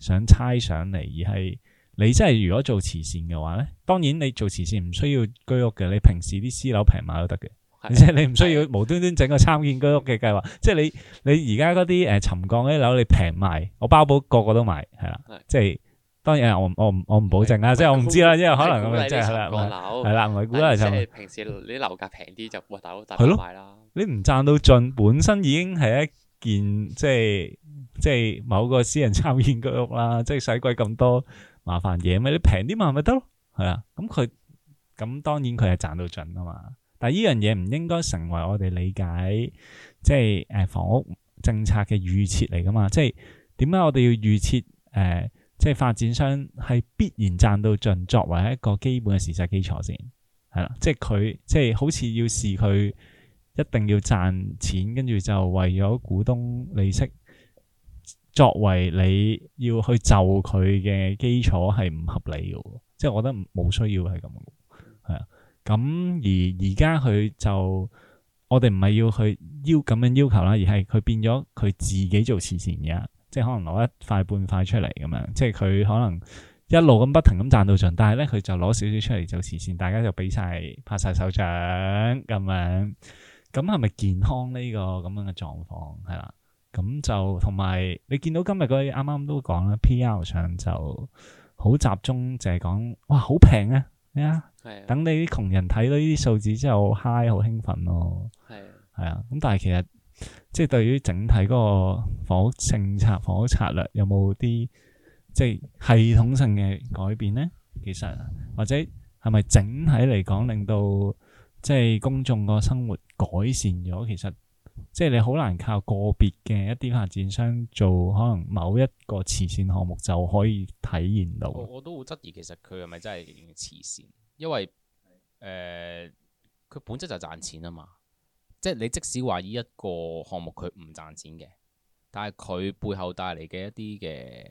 想猜想嚟，而係你真係如果做慈善嘅話咧，當然你做慈善唔需要居屋嘅，你平時啲私樓平買都得嘅。而且 (noise) 你唔需要無端端整個參建居屋嘅計劃，即係你你而家嗰啲誒沉降嗰啲樓，你平賣我包保個個都賣係啦。即係當然我我我唔保證啦，對即係我唔知啦，因為可能咁即係係啦，係啦我估係就即平時你樓價平啲就打到大快啦。你唔賺到盡本身已經係一件即係即係某個私人參建居屋啦，即係使鬼咁多麻煩嘢咩？你平啲嘛，咪得咯，係啊。咁佢咁當然佢係賺到盡啊嘛。 (noise) 但係依樣嘢唔應該成為我哋理解即係誒、呃、房屋政策嘅預設嚟㗎嘛？即係點解我哋要預設誒即係發展商係必然賺到盡作為一個基本嘅事實基礎先係啦？即係佢即係好似要視佢一定要賺錢，跟住就為咗股東利息作為你要去就佢嘅基礎係唔合理嘅，即係我覺得冇需要係咁嘅，係啊。咁而而家佢就我哋唔係要去要咁樣要求啦，而係佢變咗佢自己做慈善嘅，即係可能攞一塊半塊出嚟咁樣，即係佢可能一路咁不停咁賺到盡，但係咧佢就攞少少出嚟做慈善，大家就俾晒拍晒手掌咁樣，咁係咪健康呢？這個咁樣嘅狀況係啦？咁就同埋你見到今日嗰啲啱啱都講啦，PR 上就好集中，就係講哇好平啊！咩啊？Yeah, Yeah. 等你啲窮人睇到呢啲數字之後，之係嗨，好興奮咯！係係啊，咁但係其實即係、嗯、對於整體嗰個房屋政策、房屋策略有冇啲即係系統性嘅改變咧？其實或者係咪整體嚟講，令到即係公眾個生活改善咗？其實。即係你好難靠個別嘅一啲發展商做可能某一個慈善項目就可以體現到我。我都好質疑，其實佢係咪真係慈善？因為誒，佢、呃、本質就係賺錢啊嘛。即係你即使話呢一個項目佢唔賺錢嘅，但係佢背後帶嚟嘅一啲嘅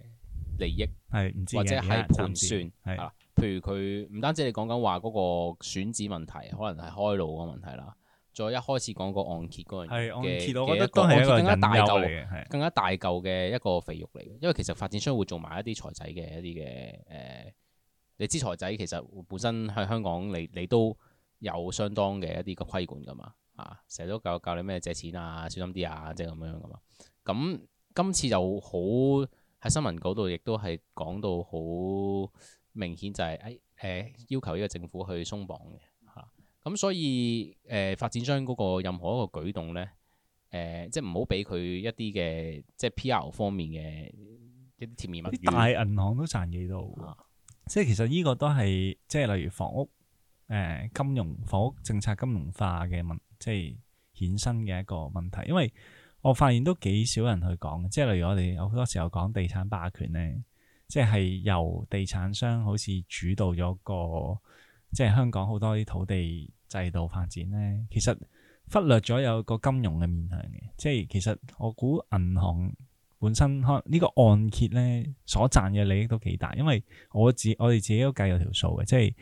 利益，係唔知或者係盤算啊。譬如佢唔單止你講緊話嗰個選址問題，可能係開路個問題啦。再一開始講個按揭嗰樣嘅，我覺得都係一個更加大嚿、更加大嚿嘅一個肥肉嚟嘅，因為其實發展商會做埋一啲財仔嘅一啲嘅誒，你知財仔其實本身喺香港你你都有相當嘅一啲嘅規管㗎嘛，啊，成日都教教你咩借錢啊，小心啲啊，即係咁樣㗎嘛。咁、啊、今次就好喺新聞嗰度亦都係講到好明顯就係誒誒要求呢個政府去鬆綁嘅。咁所以誒、呃、發展商嗰個任何一個舉動咧，誒、呃、即係唔好俾佢一啲嘅即係 P.R. 方面嘅一啲甜言蜜語。啲大銀行都賺幾多，啊即？即係其實呢個都係即係例如房屋誒、呃、金融房屋政策金融化嘅問題，即係衍生嘅一個問題。因為我發現都幾少人去講即係例如我哋有好多時候講地產霸權咧，即係由地產商好似主導咗個。即係香港好多啲土地制度發展咧，其實忽略咗有個金融嘅面向嘅。即係其實我估銀行本身可能呢個按揭咧，所賺嘅利益都幾大。因為我自我哋自己都計有條數嘅，即係誒、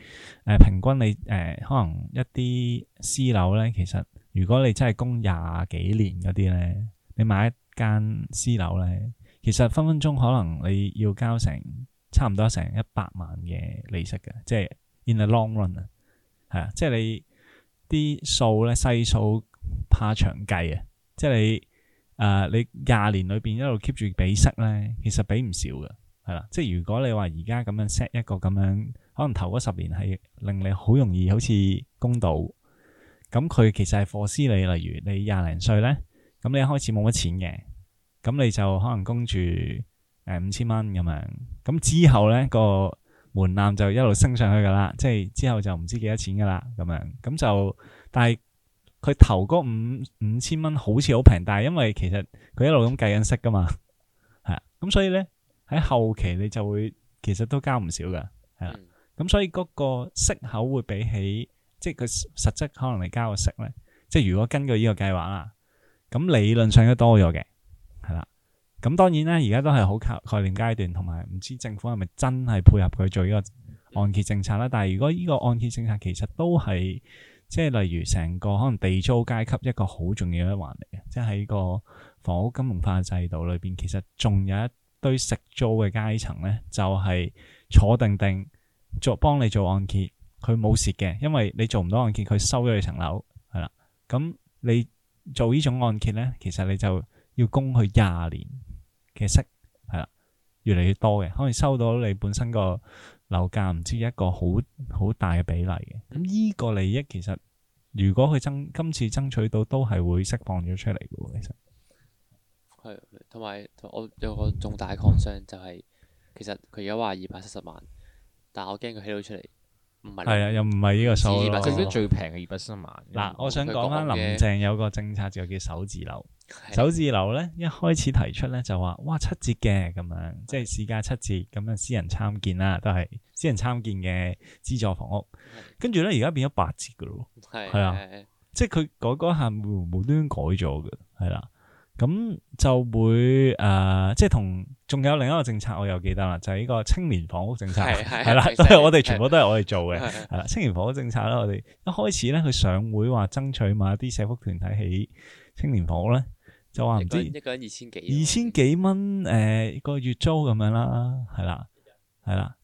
呃、平均你誒、呃、可能一啲私樓咧，其實如果你真係供廿幾年嗰啲咧，你買一間私樓咧，其實分分鐘可能你要交成差唔多成一百萬嘅利息嘅，即係。In a long run 啊、yeah，係啊，即係你啲數咧，細數怕長計啊，即、呃、係你誒你廿年裏邊一路 keep 住比息咧，其實俾唔少嘅係啦。即係如果你話而家咁樣 set 一個咁樣，可能頭嗰十年係令你好容易好似供到，咁佢其實係貨斯你。例如你廿零歲咧，咁你一開始冇乜錢嘅，咁你就可能供住誒五千蚊咁樣，咁之後咧個。門檻就一路升上去噶啦，即係之後就唔知幾多錢噶啦，咁樣咁就，但係佢投嗰五五千蚊好似好平，但係因為其實佢一路咁計緊息噶嘛，係啊，咁所以咧喺後期你就會其實都交唔少噶，係啦，咁所以嗰個息口會比起即係佢實質可能你交個息咧，即係如果根據呢個計劃啦，咁理論上都多咗嘅，係啦。咁當然啦，而家都係好靠概念階段，同埋唔知政府係咪真係配合佢做呢個按揭政策啦。但係如果呢個按揭政策其實都係即係例如成個可能地租階級一個好重要一環嚟嘅，即係喺個房屋金融化制度裏邊，其實仲有一堆食租嘅階層咧，就係、是、坐定定做幫你做按揭，佢冇蝕嘅，因為你做唔到按揭，佢收咗你層樓係啦。咁你做呢種按揭咧，其實你就要供佢廿年嘅息，係啦，越嚟越多嘅，可能收到你本身個樓價唔知一個好好大嘅比例嘅。咁呢個利益其實如果佢爭今次爭取到，都係會釋放咗出嚟嘅喎。其實係，同埋我有個重大嘅 concern 就係、是，其實佢而家話二百七十萬，但我驚佢起到出嚟唔係。係啊，又唔係呢個收樓。200，最最最平嘅二百七十萬。嗱，我想講翻、那個、林鄭有個政策就叫首置樓。首置樓咧，一開始提出咧就話，哇七折嘅咁樣，即係市價七折咁樣私人參建啦，都係私人參建嘅資助房屋。跟住咧而家變咗八折噶咯，係啊是的 的、呃，即係佢改嗰下無端改咗嘅，係啦。咁就會誒，即係同仲有另一個政策，我又記得啦，就係、是、呢個青年房屋政策係係啦，都係我哋全部都係我哋做嘅。的 (laughs) 青年房屋政策啦，我哋一開始咧佢上會話爭取某一啲社福團體起青年房屋咧。就話唔知，一個人二千幾，二千幾蚊誒，個月租咁樣啦，係啦，係啦，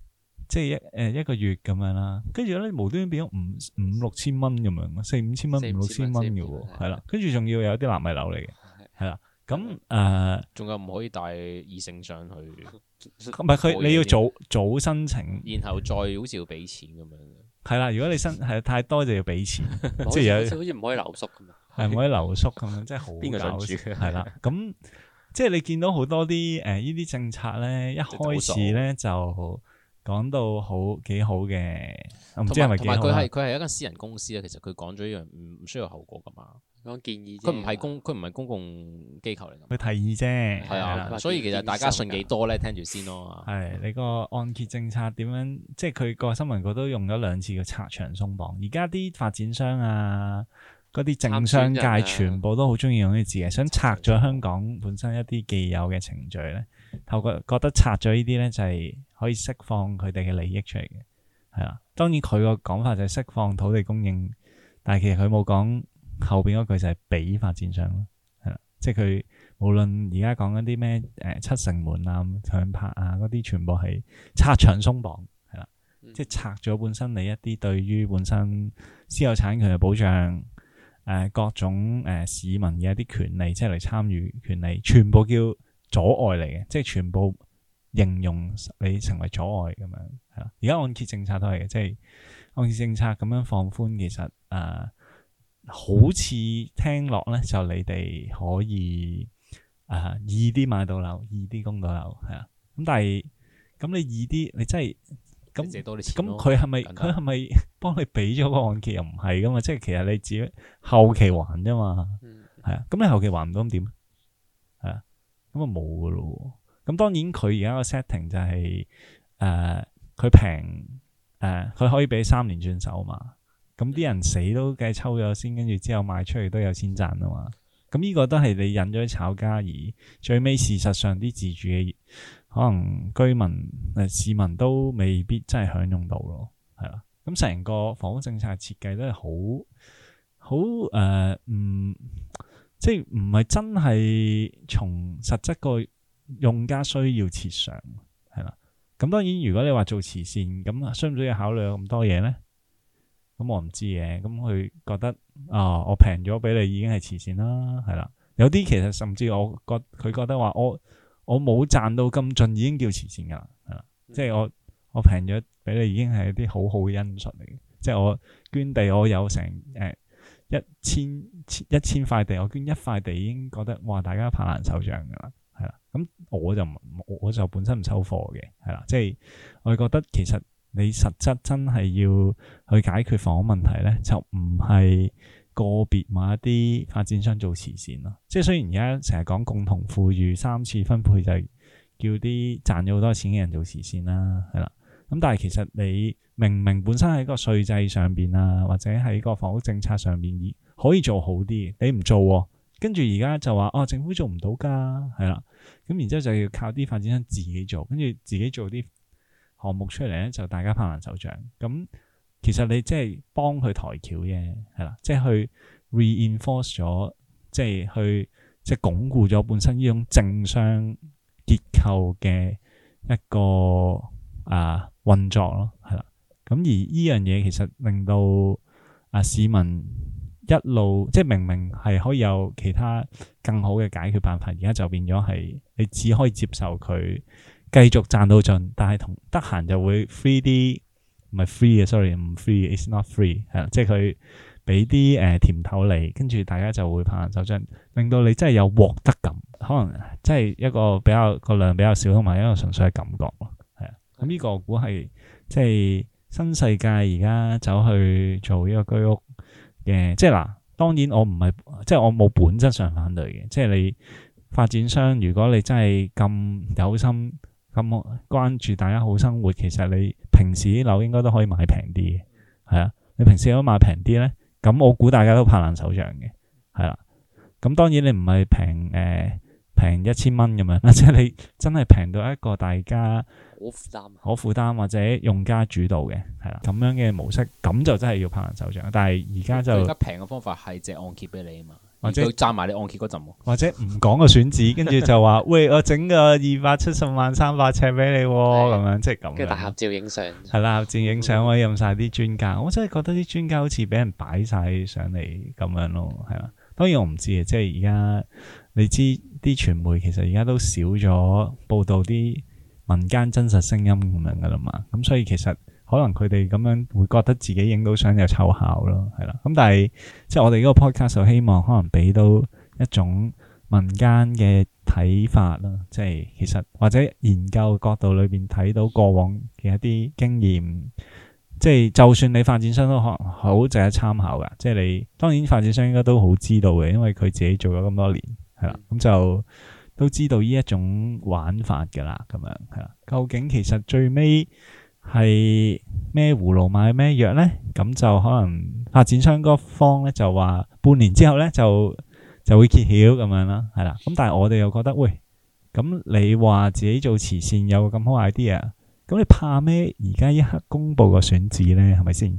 即係一誒一個月咁樣啦，跟住咧無端端變咗五五六千蚊咁樣，四五千蚊，五六千蚊嘅喎，係啦，跟住仲要有啲納米樓嚟嘅，係啦，咁誒，仲有唔可以帶異性上去，唔係佢你要早早申請，然後再好似要俾錢咁樣，係啦，如果你申係太多就要俾錢，即係好似唔可以留宿咁樣。係唔可以留宿咁樣，真係好難。邊個想住？係啦，咁 (laughs) 即係你見到好多啲誒，呢啲政策咧， (laughs) 一開始咧就講到好幾好嘅。唔知係咪佢係佢係一間私人公司啦，其實佢講咗一樣唔唔需要後果噶嘛，講建議。佢唔係公，佢唔係公共機構嚟。佢提議啫，係啊。 (music) 所以其實大家信幾多咧？樂上聽住先咯。係、哎、你個按揭政策點樣？即係佢個新聞局都用咗兩次嘅拆牆鬆綁。而家啲發展商啊。嗰啲政商界全部都好中意用呢啲字嘅，想拆咗香港本身一啲既有嘅程序咧，透過覺得拆咗呢啲咧就係可以釋放佢哋嘅利益出嚟嘅，係啦。當然佢個講法就係釋放土地供應，但係其實，佢冇講後邊嗰句就係俾發展商咯，係啦。即係佢無論而家講緊啲咩誒七成門啊、強拍啊嗰啲，全部係、嗯、拆牆鬆綁，係啦，即係拆咗本身你一啲對於本身私有產權嘅保障。誒、呃，各種誒、呃、市民嘅一啲權利，即係嚟參與權利，全部叫阻礙嚟嘅，即係全部形容你成為阻礙咁樣，係啊。而家按揭政策都係嘅，即係按揭政策咁樣放寬，其實誒、呃，好似聽落咧，就你哋可以啊、呃，易啲買到樓，易啲供到樓，係啊。咁但係，咁你易啲，你真係。咁咁佢係咪佢係咪幫你俾咗個按揭又唔係噶嘛？即係其實你自己後期還啫嘛，係啊、嗯。咁你後期還唔到點咧？係啊，咁啊冇噶咯。咁當然佢而家個 setting 就係、是、誒，佢平誒，佢、呃、可以俾三年轉手嘛。咁啲人死都計抽咗先，跟住之後賣出去都有錢賺啊嘛。咁呢個都係你引咗炒家而最尾事實上啲自住嘅。可能居民、誒市民都未必真係享用到咯，係啦。咁、嗯、成個房屋政策設計都係好好誒，唔、呃嗯、即係唔係真係從實質個用家需要設想，係啦。咁、嗯、當然，如果你話做慈善，咁需唔需要考慮咁多嘢咧？咁、嗯、我唔知嘅。咁、嗯、佢覺得啊，我平咗俾你已經係慈善啦，係啦、嗯。有啲其實甚至我覺佢覺得話我。我冇賺到咁盡，已經叫慈善噶啦，係啦， (noise) 即係我我平咗俾你，已經係一啲好好嘅因素嚟嘅。即係我捐地，我有成誒、呃、一千千一千塊地，我捐一塊地，已經覺得哇，大家拍爛手掌噶啦，係啦。咁我就唔，我就本身唔收貨嘅，係啦。即係我係覺得，其實你實質真係要去解決房屋問題咧，就唔係。個別買一啲發展商做慈善咯，即係雖然而家成日講共同富裕，三次分配就係叫啲賺咗好多錢嘅人做慈善啦，係啦。咁但係其實你明明本身喺個稅制上邊啊，或者喺個房屋政策上邊可以做好啲，你唔做，啊，跟住而家就話哦，政府做唔到㗎，係啦。咁然之後就要靠啲發展商自己做，跟住自己做啲項目出嚟咧，就大家拍爛手掌咁。嗯其實你即係幫佢抬轎嘅，係啦，即係去 reinforce 咗，即係去即係鞏固咗本身呢種政商結構嘅一個啊運作咯，係啦。咁而呢樣嘢其實令到啊市民一路即係明明係可以有其他更好嘅解決辦法，而家就變咗係你只可以接受佢繼續賺到盡，但係同得閒就會 free 啲。唔係 free 嘅，sorry 唔 free 嘅，it's not free，係啦、yeah，即係佢俾啲誒甜頭你，跟住大家就會拍下手掌，令到你真係有獲得感，可能即係一個比較個量比較少，同埋一個純粹嘅感覺咯，係、yeah, 啊、嗯。咁、這、呢個估係即係新世界而家走去做呢個居屋嘅，即係嗱，當然我唔係即係我冇本質上反對嘅，即係你發展商如果你真係咁有心。咁我關注大家好生活，其實你平時啲樓應該都可以買平啲嘅，係啊，你平時想買平啲咧，咁我估大家都拍爛手掌嘅，係啦。咁當然你唔係平誒平一千蚊咁樣，即係你真係平到一個大家好負擔、可負擔或者用家主導嘅，係啦。咁樣嘅模式咁就真係要拍爛手掌。但係而家就平嘅方法係借按揭俾你啊嘛。或者佢炸埋你按揭嗰陣，或者唔講個選址，跟住就話， (laughs) 喂，我整個二百七十萬三百尺俾你，咁 (laughs) 樣即係咁，跟、就是、大合照影相，係啦，照影相，可以任晒啲專家，嗯、我真係覺得啲專家好似俾人擺晒上嚟咁樣咯，係嘛？當然我唔知啊，即係而家你知啲傳媒其實而家都少咗報道啲民間真實聲音咁樣噶啦嘛，咁所以其實。可能佢哋咁樣會覺得自己影到相又湊效咯，係啦。咁但係即係我哋呢個 podcast 就希望可能俾到一種民間嘅睇法啦，即係其實或者研究角度裏邊睇到過往嘅一啲經驗，即係就算你發展商都可能好值得參考噶。即係你當然發展商應該都好知道嘅，因為佢自己做咗咁多年，係啦，咁、嗯、就都知道呢一種玩法噶啦。咁樣係啦，究竟其實最尾？係咩葫蘆賣咩藥咧？咁就可能發展商嗰方咧就話半年之後咧就就會揭曉咁樣啦，係啦。咁但係我哋又覺得喂，咁你話自己做慈善有咁好 idea，咁你怕咩？而家一刻公布個選址咧，係咪先？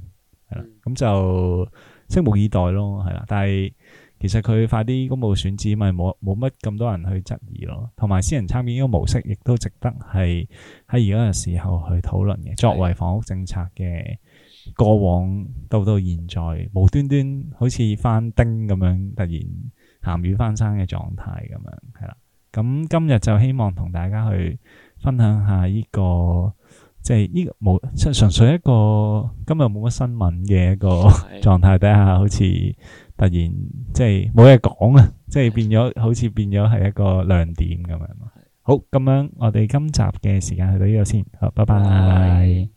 係啦，咁就拭目以待咯，係啦。但係。其實佢快啲公募選址，咪冇冇乜咁多人去質疑咯。同埋私人參與呢個模式，亦都值得係喺而家嘅時候去討論嘅。作為房屋政策嘅過往到到現在，無端端好似翻叮咁樣，突然鹹魚翻生嘅狀態咁樣，係啦。咁今日就希望同大家去分享下呢個，即係呢個冇即係純粹一個今日冇乜新聞嘅一個狀態底下，好似。突然即係冇嘢講啊，即係變咗好似變咗係一個亮點咁樣。好，咁 (noise) 樣我哋今集嘅時間去到呢度先，好，拜拜。 (noise) 拜拜。